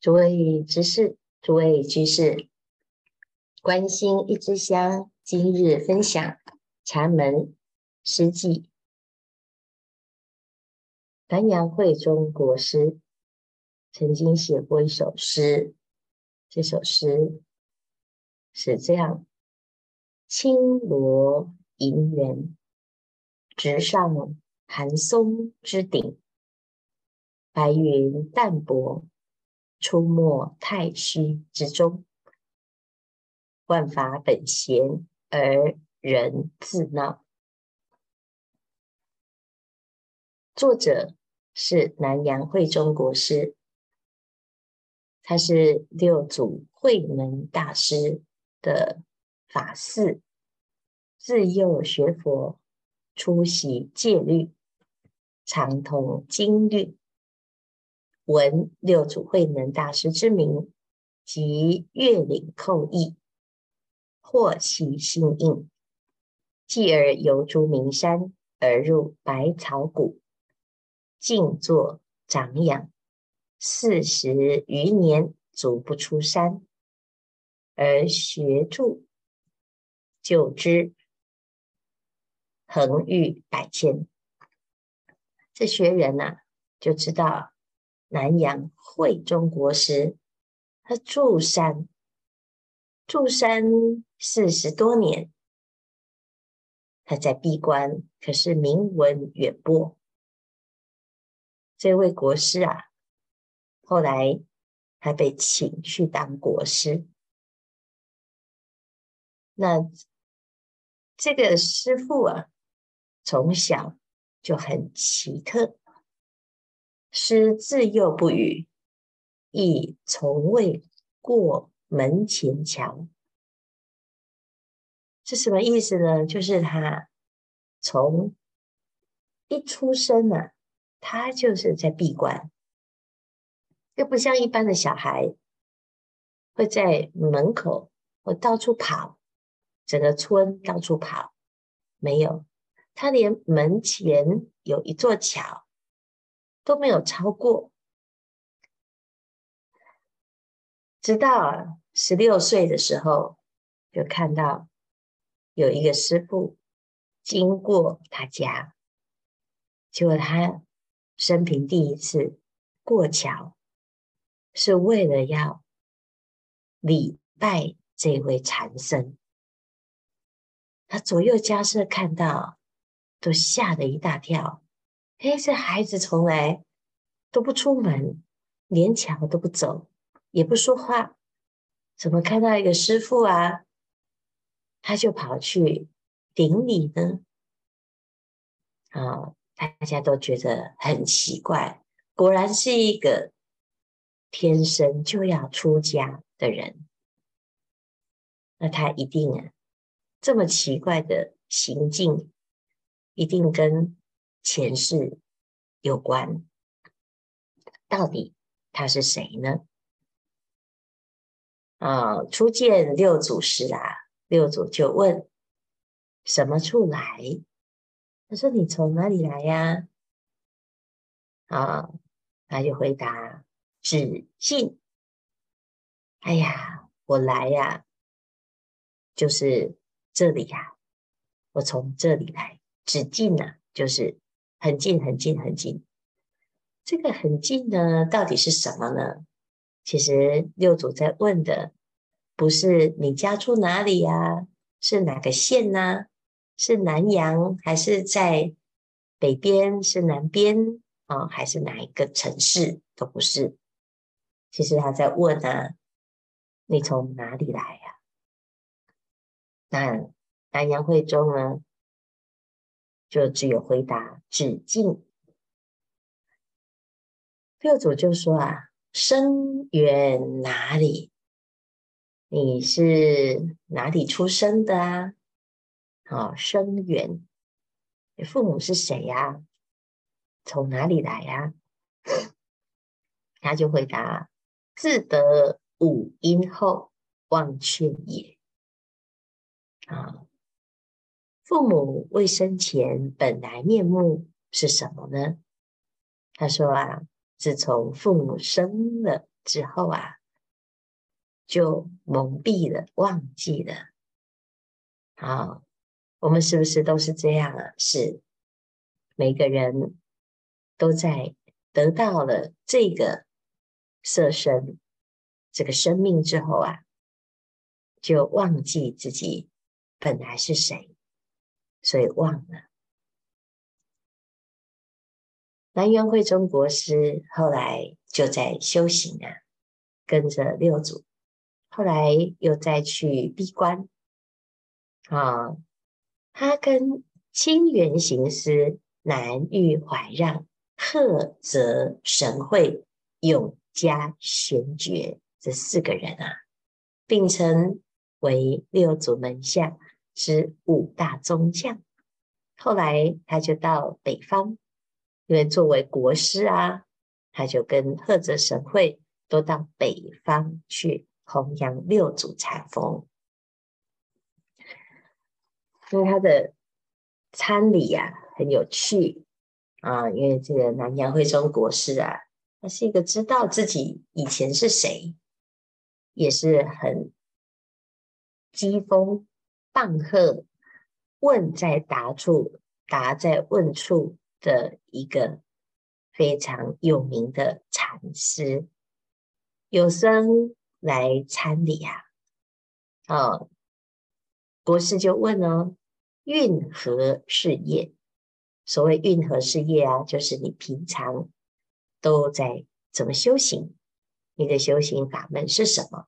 諸位執事、諸位居士，觀心一支香，今日分享禪門詩偈。南陽慧忠國師曾經寫過一首詩，這首詩是這樣：青蘿夤緣，直上寒松之頂；白雲淡泊。出沒太虛之中，萬法本閒而人自鬧。作者是南陽慧忠國師，他是六祖慧能大師的法嗣，自幼學佛，初習戒律，長通經論。聞六祖慧能大師之名，即越嶺叩謁，獲其心印，既而遊諸名山，而入白草谷，靜坐長養四十餘年，足不出山，而學著，就之，恆逾百千。這學員呢、啊，就知道。南陽慧忠國師，他住山，住山四十多年，他在閉關，可是名聞遠播。這位國師啊，後來他被請去當國師。那這個師父啊，從小就很奇特。師自幼不語，亦從未過門前橋。是什麼意思呢？就是他從一出生呢、啊，他就是在閉關，又不像一般的小孩會在門口會到處跑，整個村到處跑，沒有他連門前有一座橋。都沒有過橋，直到十六歲的時候，就看到有一個師父經過他家，結果他生平第一次過橋，是為了要禮拜這位禪僧。他左右家舍看到，都嚇了一大跳。誒，這孩子從來都不出門，連橋都不走，也不說話。怎麼看到一個師父啊，他就跑去頂禮呢？啊、哦，大家都覺得很奇怪。果然是一個天生就要出家的人，那他一定啊，這麼奇怪的行徑，一定跟……前世有關，到底他是誰呢？啊、哦，初見六祖時啊，六祖就問：“什麼處來？”他說：“你從哪裡來呀、啊？”啊、哦，他就回答：“只近。”哎呀，我來呀、啊，就是這裡呀、啊，我從這裡來。只近呢、啊，就是。很近很近很近，這個很近呢，到底是什麼呢？其實六祖在問的不是你家住哪裡呀、啊，是哪個縣吶、啊？是南陽還是在北邊？是南邊啊、哦？還是哪一個城市？都不是。其實他在問啊，你從哪裡來呀、啊？那南陽、慧忠呢？就只有回答，只近。六祖就說啊，生緣哪裡？你是哪裡出生的啊？好、哦，生緣，你父母是誰呀、啊？從哪裡來呀、啊？他就回答：自得五陰後忘卻也啊。哦父母未生前本來面目是什麼呢？他說啊，自從父母生了之後啊，就蒙蔽了，忘記了。好，我們是不是都是這樣啊？是，每個人都在得到了這個色身，這個生命之後啊，就忘記自己本來是誰。所以忘了。南陽慧忠國師後來就在修行啊，跟着六祖，後來又再去閉關。啊、哦，他跟青原行思、南嶽懷讓、荷澤神會、永嘉玄覺這四個人啊，並稱為六祖門下，是五大宗匠，後來他就到北方，因為作為國師啊，他就跟荷澤神會都到北方去弘揚六祖禪風，因為他的參禮呀、啊、很有趣啊，因為這個南陽慧忠國師啊，他是一個知道自己以前是誰，也是很機鋒棒喝，問在答處，答在問處的一個非常有名的禪師。有僧來參禮啊，哦，國師就問哦，蘊何事業。所謂蘊何事業啊，就是你平常都在怎麼修行，你的修行法門是什麼？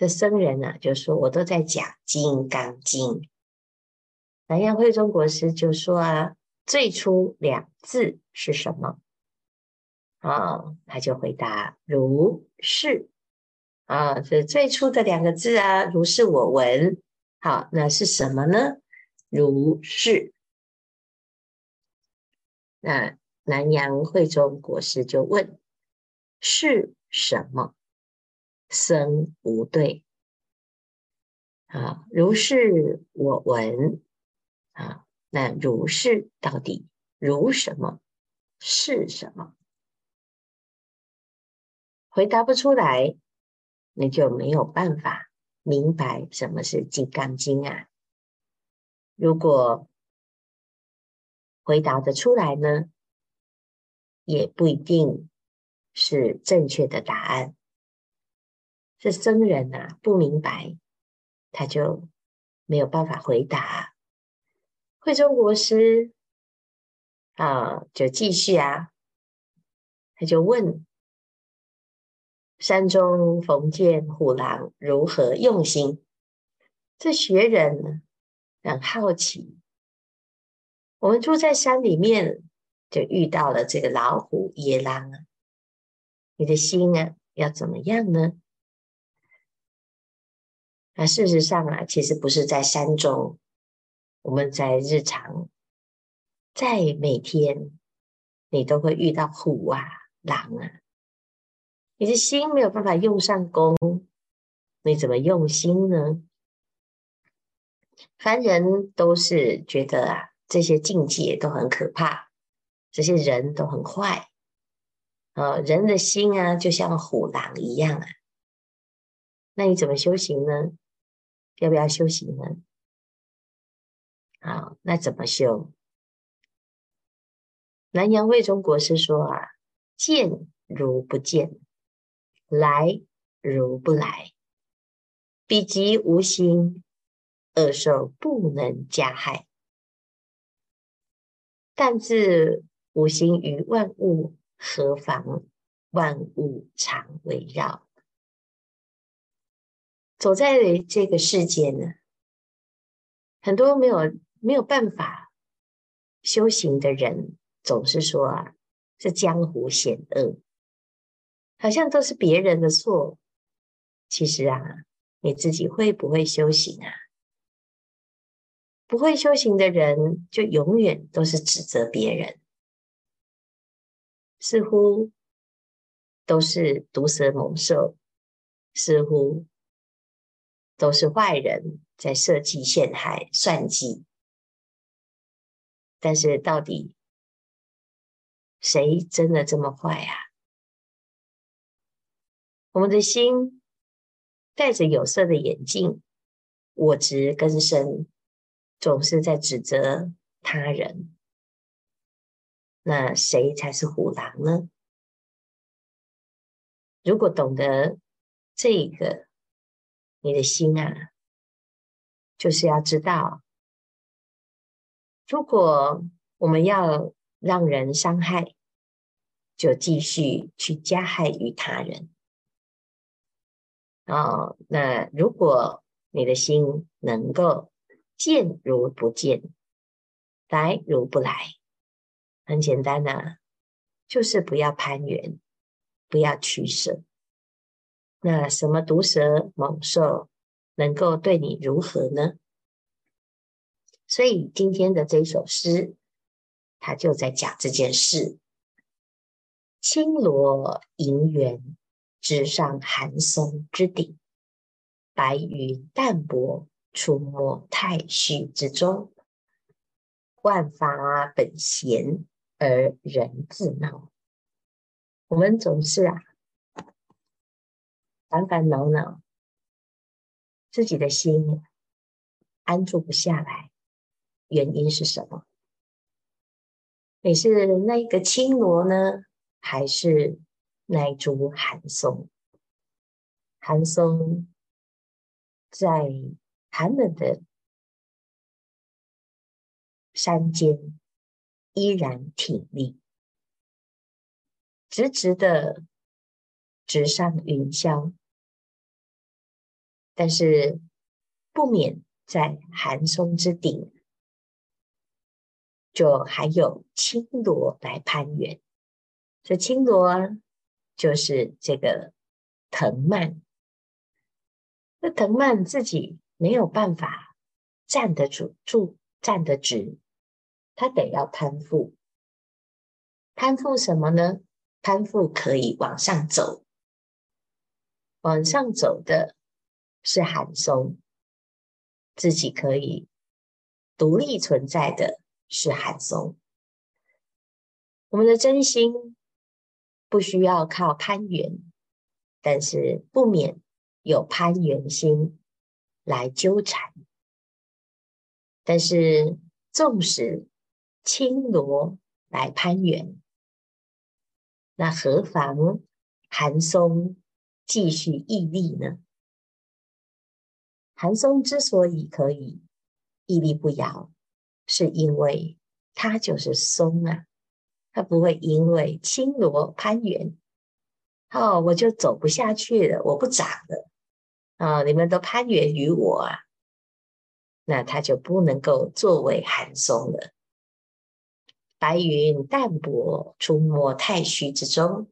這僧人呢、啊，就說：“我都在講《金剛經》。”南陽慧忠國師就說：“啊，最初兩字是什麼？”啊，他就回答：“如是。”啊，這最初的兩個字啊，“如是我聞。”好，那是什麼呢？如是。那南陽慧忠國師就問：“是什麼？”生無對啊，如是我聞啊，那如是到底如什麼？是什麼？回答不出來，你就沒有辦法明白什麼是《金剛經》啊。如果回答得出來呢，也不一定是正確的答案。這僧人啊不明白，他就沒有辦法回答。慧忠國師啊，就繼續啊，他就問：山中逢見虎狼，如何用心？這學人呢很好奇。我們住在山裡面，就遇到了這個老虎、野狼啊，你的心啊，要怎麼樣呢？那事實上啊，其實不是在山中，我們在日常，在每天，你都會遇到虎啊、狼啊。你的心沒有辦法用上功，你怎麼用心呢？凡人都是覺得啊，這些境界都很可怕，這些人都很壞。呃、哦，人的心啊，就像虎狼一樣啊。那你怎麼修行呢？要不要修行呢？好，那怎麼修？南陽慧忠國師說啊：“見如不見，來如不來，彼即無心，惡獸不能加害。但自無心於萬物，何妨萬物常圍繞。”走在這個世界呢，很多沒有沒有辦法修行的人，總是說啊，是江湖險惡，好像都是別人的錯。其實啊，你自己會不會修行啊？不會修行的人，就永遠都是指責別人，似乎都是毒蛇猛獸，似乎。都是壞人在設計陷害、算計，但是到底誰真的這麼壞呀？我們的心戴着有色的眼鏡，我執根深，總是在指責他人。那誰才是虎狼呢？如果懂得這個，你的心啊，就是要知道，如果我們要讓人傷害，就繼續去加害於他人。哦，那如果你的心能夠見如不見，來如不來，很簡單啊，就是不要攀緣，不要取捨。那什麼毒蛇猛獸能夠對你如何呢？所以今天的這一首詩，它就在講這件事。青羅銀元直上寒松之頂；白雲淡泊，出沒太虛之中。萬法本閒，而人自鬧。我們總是啊。煩煩惱惱，自己的心安住不下來，原因是什麼？你是那個青蘿呢，還是那一株寒松？寒松在寒冷的山間依然挺立，直直的直上雲霄，但是不免在寒松之頂，就還有青蘿來攀援。這青蘿就是這個藤蔓。那藤蔓自己沒有辦法站得住、住站得直，它得要攀附。攀附什麼呢？攀附可以往上走，往上走的。是寒松，自己可以獨立存在的是寒松，我們的真心不需要靠攀緣，但是不免有攀緣心來糾纏。但是縱使青蘿來攀緣，那何妨寒松繼續屹立呢？寒松之所以可以屹立不搖，是因為它就是松啊，它不會因為青蘿攀援，哦，我就走不下去了，我不長了哦，你們都攀援於我啊，那他就不能夠作為寒松了。白雲淡泊，出沒太虛之中，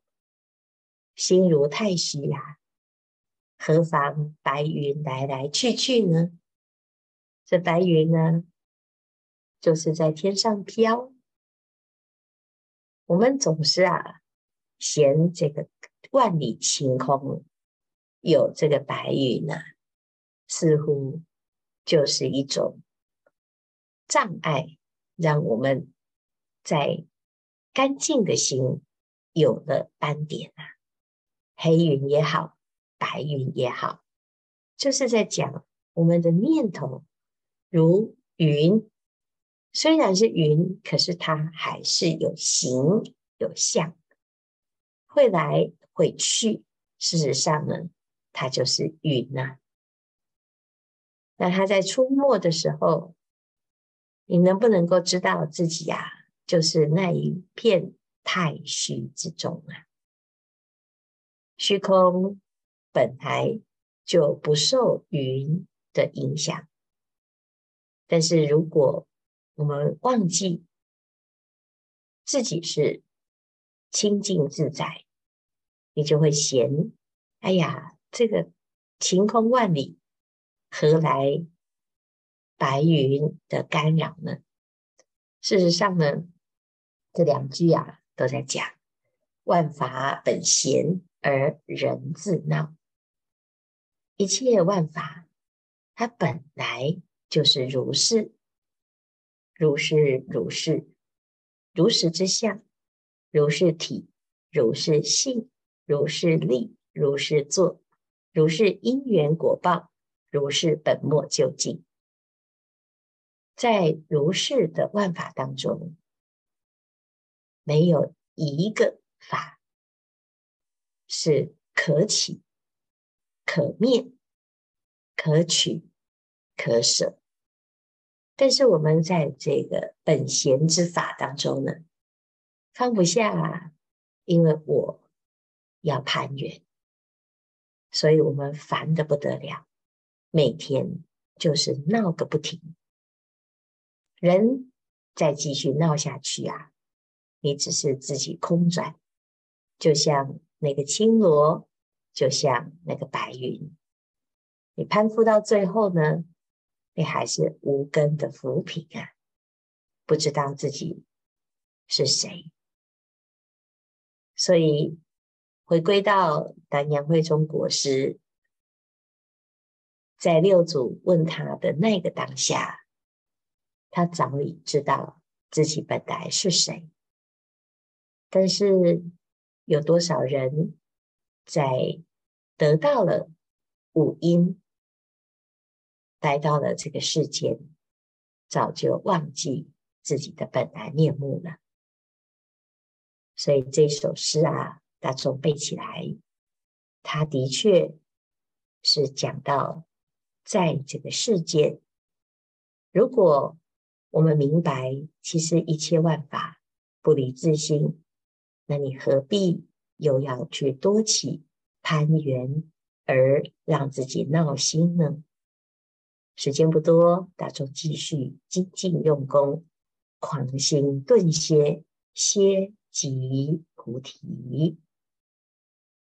心如太虛呀、啊。何妨白雲來來去去呢？這白雲呢，就是在天上飄。我們總是啊，嫌這個萬里晴空有這個白雲呢啊，似乎就是一種障礙，讓我們在乾淨的心有了斑點啊，黑雲也好。白雲也好，就是在講我們的念頭如雲，雖然是雲，可是它還是有形有相，會來會去。事實上呢，它就是雲啊。那它在出沒的時候，你能不能夠知道自己呀、啊？就是那一片太虛之中啊，虛空。本來就不受雲的影響，但是如果我們忘記自己是清淨自在，你就會嫌，哎呀，這個晴空萬里，何來白雲的干擾呢？事實上呢，這兩句啊都在講，萬法本閒而人自鬧。一切萬法，它本來就是如是，如是如是，如是之相，如是體，如是性，如是力，如是作，如是因緣果報，如是本末究竟。在如是的萬法當中，沒有一個法是可起可滅，可取，可捨，但是我們在這個本閒之法當中呢，放不下啊，因為我要攀緣，所以我們煩得不得了，每天就是鬧個不停。人再繼續鬧下去啊，你只是自己空轉，就像那個青蘿，就像那個白雲，你攀附到最後呢，你還是無根的浮萍啊！不知道自己是誰。所以，回歸到南陽慧忠國師，在六祖問他的那個當下，他早已知道自己本來是誰。但是，有多少人在？得到了五陰，來到了這個世間，早就忘記自己的本來面目了。所以這首詩啊，大眾背起來，它的確是講到，在這個世界，如果我們明白，其實一切萬法不離自性，那你何必又要去多起？攀援而讓自己鬧心呢？時間不多，大眾繼續精進用功，狂心頓歇，歇即菩提。